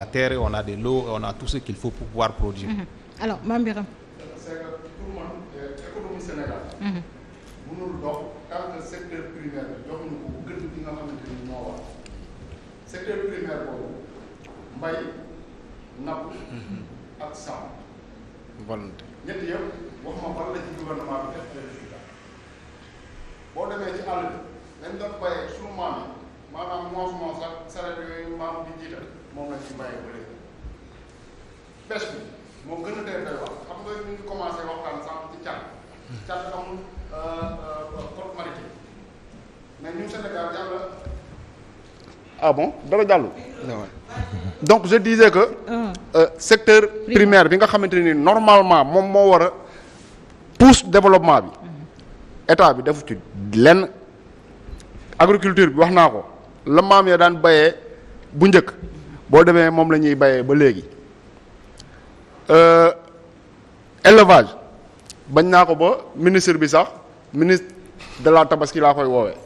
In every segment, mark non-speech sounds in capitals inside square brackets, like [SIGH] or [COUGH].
la terre, on a de l'eau, on a tout ce qu'il faut pour pouvoir produire. Mhm. alors Mame Birame. c'est que pour man euh, économie Sénégal. Mhm. mënul dox tant que secteur primaire bi joxuñu ko gën bi nga xamante ni moo war secteur primaire boobu mbay napp. Mhm. ak sàmm. volonté ñett yëpp wax ma ban la ci gouvernement bi def résultat boo demee ci àll bi dañ doon bayee sunu maam yi maanaam moos moos ak saret yooyu maam di jiital. moom lañ ci bàyyi bu dee doy wax euh, euh, jàll ah ah donc je disais que ah. euh, secteur primaire bi nga xamante ni normalement moom moo war a pousse développement bi état bi defu ci lenn agriculture bi wax naa ko la maam ya daan bayee bu njëkk boo demee moom la ñuy bayee ba léegi euh, élevage bañ naa ko ba ministre bi sax ministre de la tabaski laa koy woowee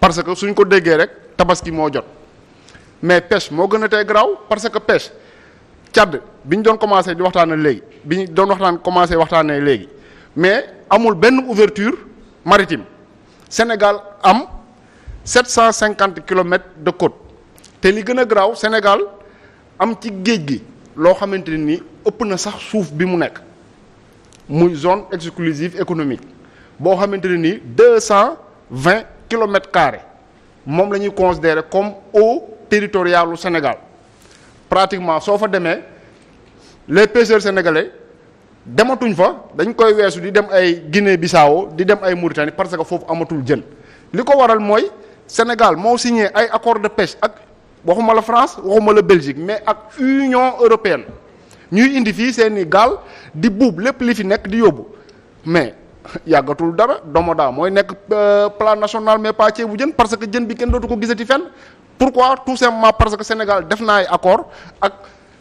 parce que suñ ko déggee rek tabaski moo jot mais pêche moo gën a tey garaaw parce que pêche Tchad bi ñu doon commencé di waxtaan léegi bi ñu doon waxtaan commencé waxtaanee léegi mais amul benn ouverture maritime Sénégal am cinquante kilomètres de côte. te li gën a garaaw Sénégal am ci géej gi loo xamante ne ni ëpp na sax suuf bi mu nekk muy zone exclusive économique boo xamante ne ni deux cent vingt kilomètres carrés moom la ñuy considérer comme eau territoriale lu Sénégal pratiquement soo fa demee les pêcheurs sénégalais dematuñ fa dañ koy weesu di dem ay Guinée Bissau di dem ay Mauritanie parce que foofu amatul jën li ko waral mooy Sénégal moo signé ay accord de pêche ak waxuma la France waxuma la Belgique mais ak Union européenne ñuy indi fii seen i gaal di buub lépp li fi nekk di yóbbu mais [LAUGHS] yàggatul dara daa mooy nekk euh, plat national mais pas ceebu jën parce que jën bi kenn dootu ko gisati fenn pourquoi tout simplement parce que Sénégal def naa ay accord ak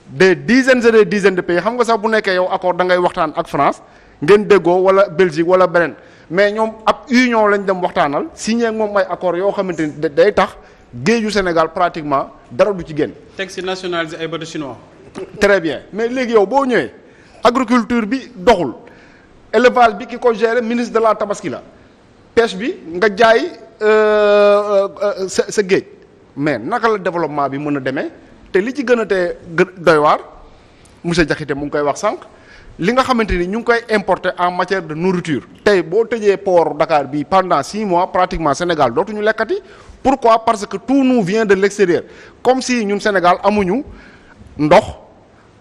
des dizaines et des dizaines de pays xam nga sax bu nekkee yow accord da ngay waxtaan ak France ngeen déggoo wala Belgique wala beneen mais ñoom ab union lañ dem waxtaanal signé ak moom ay accord yoo xamante ni day tax géeju Sénégal pratiquement dara du ci génn. teg si nationalisé ay bateaux chinois. bien mais léegi yow boo ñëwee agriculture bi doxul élevage bi ki ko géré ministre de la tabaski la pêche bi nga jaay euh, euh, euh, sa sa géej mais naka la développement bi mën a demee te li ci gën a tee doy waar monsieur Diakité mu ngi koy wax sànq. li nga xamante ni ñu ngi koy importer en matière de nourriture tey boo tëjee poor Dakar bii pendant six mois pratiquement Sénégal dootuñu lekkati pourquoi parce que tout nous vient de l'extérieur comme si ñun Sénégal amuñu ndox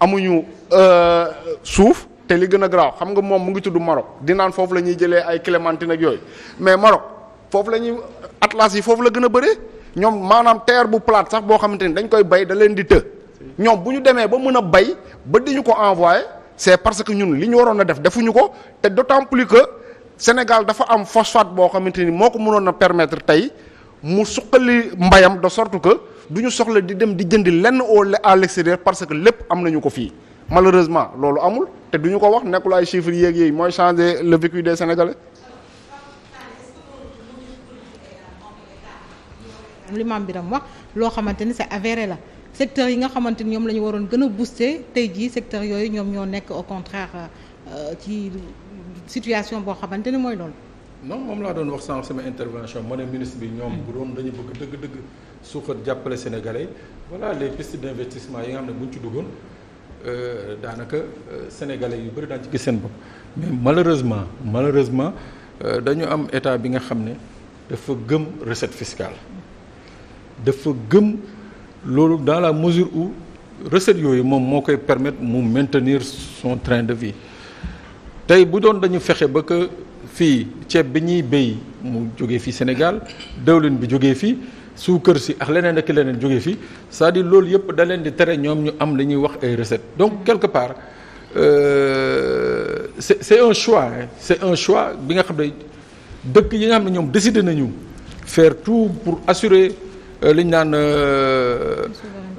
amuñu euh, suuf te li gën a garaaw xam nga moom mu ngi tudd Maroc di naan foofu la ñuy jëlee ay clémentine ak yooyu mais Maroc foofu la ñuy atlas yi foofu la gën a bëree ñoom maanaam terre bu plate sax boo xamante ni dañ koy bay da leen di të ñoom bu ñu demee ba mën a bay ba di ko envoyé. c'est parce que ñun li ñu waroon a def defuñu ko te d'autant plus que Sénégal dafa am phosphate boo xamante ni moo ko mënoon a permetre tey mu suqali mbayam de sorte que du ñu soxla di dem di jëndi lenn au à parce que lépp am nañu ko fii malheureusement loolu amul te du ñu ko wax nekkul ay chiffres yéeg yéeg mooy changer le de des Sénégalais. li maam Biram wax loo xamante ni c'est avéré la. secteurs yi nga xamante ni ñoom la ñu waroon gën a booster tey jii secteurs yooyu ñoom ñoo nekk au contraire euh, ci situation boo xamante ni mooy loolu. non moom laa doon wax sànq sama intervention ma ne ministre bi ñoom bu doon dañu bëgg dëgg-dëgg suuxat jàppale sénégalais voilà les pistes d' investissement yi nga xam ne bu ci duggoon euh, daanaka euh, sénégalais yu bëri daan ci gis seen bopp mais malheureusement malheureusement dañu am état bi nga xam ne dafa gëm recette fiscale loolu dans la mesure u recette yooyu moom moo koy permettre mu maintenir son train de vie tey bu doon dañu fexe ba que fii ceeb bi ñuy béy mu jóge fii Sénégal dëwlin bi jógee fii suukar si ak leneen ak leneen jóge fi c'est-à-dire loolu yëpp da leen di tere ñoom ñu am li ñuy wax ay recettes donc quelque part euh, c'est c'est un choix hein. c'est un choix bi nga xam ne dëkk yi nga xam ne ñoom décidé nañu faire tout pour assurer Euh, li ñu naan euh,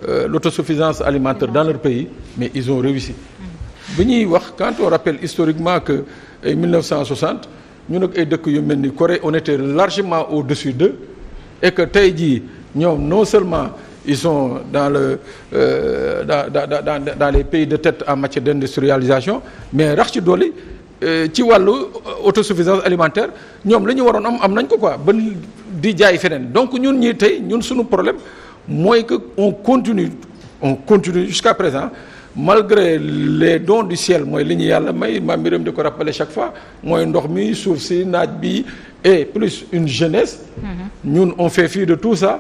euh, l'autosuffisance alimentaire dans leur pays mais ils ont réussi bi ñuy wax quand on rappelle historiquement que ay 1960 ñun ak ay dëkk yu mel ni Corée on était largement au-dessus d'eux et que tey jii ñoom non seulement ils sont dans le euh, dans, dans dans dans les pays de tête en matière d'industrialisation mais rax ci dolli Euh, ci wàllu euh, autosuffisance alimentaire ñoom la ñu waroon am am nañ ko quoi ba di jaay feneen donc ñun ñii tey ñun suñu problème mooy que on continue on continue jusqu'à présent malgré les dons du ciel mooy li ñu yàlla may ma Biram di ko rappeler chaque fois mooy ndox mi suuf si naaj bi et plus une jeunesse mm-hmm. ñun on fait fi de tout ça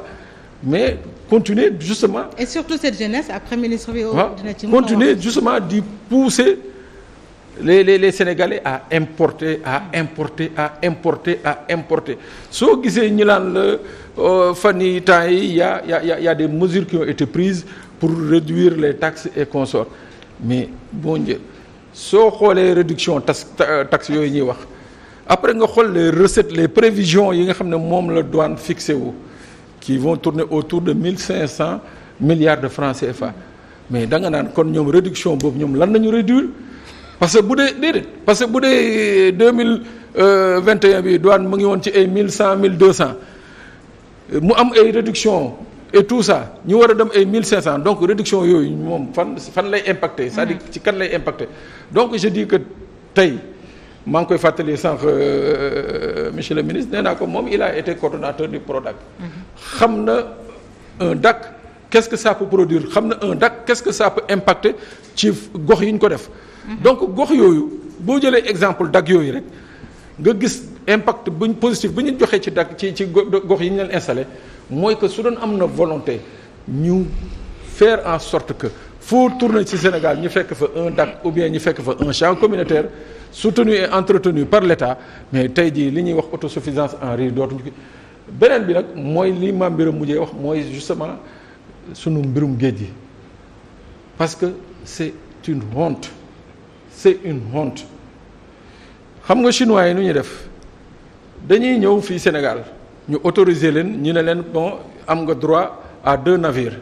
mais continuer justement et surtout cette jeunesse après ministre bi oh, dina continuer justement di pousser les les les sénégalais à importer à importer à importer à importer soo gisee ñu naan la euh, fan yi temps yi y' yaa y' a y' des mesures qui ont été prises pour réduire les taxes et consorts mais bon Dieu soo xoolee réduction tax taxes yooyu ñuy wax après nga xool les recettes les prévisions yi nga xam ne moom la douane fixé wu qui vont tourner autour de mille cinq cent milliards de francs CFA mais da nga naan kon ñoom réduction boobu ñoom lan nañu réduire. parce que bu dee déedéet parce que bu dee euh, deux mille euh, vingt et un bi douane mu ngi woon ci ay mille cent mille deux cent mu am ay réduction et tout ça ñu war a dem ay mille cinq cent donc réduction yooyu moom fan fan lay impacté cest à mm. ci kan lay impacté donc je dis que tey maa ngi koy fàttalee sànq euh, monsieur le ministre nee ko moom il a été coordonnateur du PRODAC mm-hmm. xam na un DAC quest que ça peut produire xam na un DAC qu'est-ce que ça peut impacter ci gox yi ñu ko def Mm-hmm. donc gox yooyu boo jëlee exemple dagg yooyu rek nga gis impact buñ positif bu ñu joxee ci dagg ci ci gox yi ñu leen installé mooy que su doon am na volonté ñu fair en sorte que foo tourner ci Sénégal ñu fekk fa un DAC ou bien ñu fekk fa un champ communautaire soutenu et entretenu par l'État mais tey jii li ñuy wax autosuffisance en riz dootuñu ko beneen bi nag mooy li ma mbiram mujjee wax mooy justement sunu mbirum géej gi parce que c'est une honte c'est une honte xam nga chinois yi nu ñuy def dañuy ñëw fii Sénégal ñu autoriser leen ñu ne leen bon am nga droit à deux navires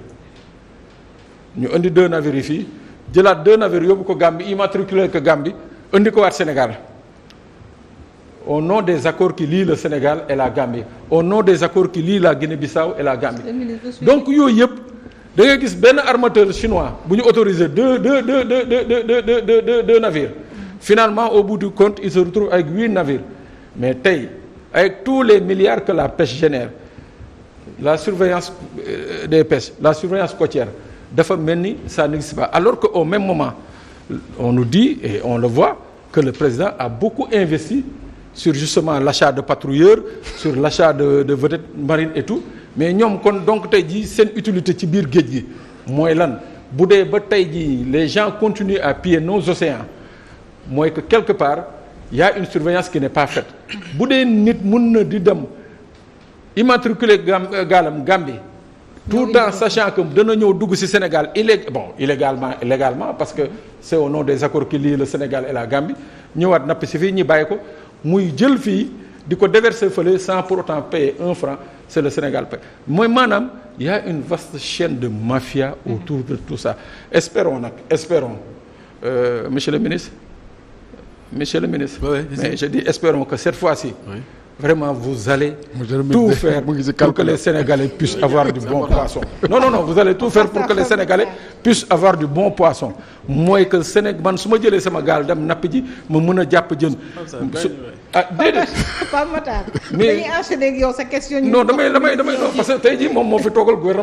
ñu indi deux navires yi fii jëlaat deux navires yóbbu ko Gambie immatriculé ko Gambie indi ko waat Sénégal au nom des accords qui lient le Sénégal et la Gambie au nom des accords qui lient la Guinée-Bissau et la Gambie donc yooyu yëpp da ngay gis benn armateur chinois bu ñu autoriser deux deux deux deux deux deux deux deux navires finalement au bout du compte il se retrouve avec huit navires mais tey avec tous les milliards que la pêche génère la surveillance des pêches la surveillance côtière dafa mel ni ça n'existe pas alors que au même moment on nous dit et on le voit que le président a beaucoup investi sur justement l'achat de patrouilleurs sur l'achat de de vedettes marines et tout mais ñoom kon donc tey jii seen utilité ci biir géej gi mooy lan bu dee ba tey jii les gens continuent à piller nos océans mooy que quelque part y a une surveillance qui n'est pas faite bu dee nit mun na di dem immatriculé euh, gaalam Gambie tout en sachant que dana ñëw dugg ci Sénégal illég bon illégalement légalement parce que c'est au nom des accords qui lient le Sénégal et la Gambie ñëwaat napp si fii ñi bàyyi ko muy jël fii di ko déverser fële sans pour autant payer un franc c'est le Sénégal paye mooy maanaam y a une vaste chaîne de mafia autour de tout ça espérons nag espérons euh, monsieur le ministre monsieur le ministre oui, mais je dis espérons que cette fois-ci vraiment vous allez tout faire [LAUGHS] pour que les Sénégalais puissent avoir du bon poisson non non non vous allez tout faire pour que les Sénégalais puissent avoir du bon poisson mooy que Sénégal man su ma jëlee sama gaal dem napp ji ma mën a jàpp jën ah déedéet [LAUGHS] Pape Matar dañuy enchaîner ak yow damay damay damay parce que tey jii moom moo fi toogal gouvernement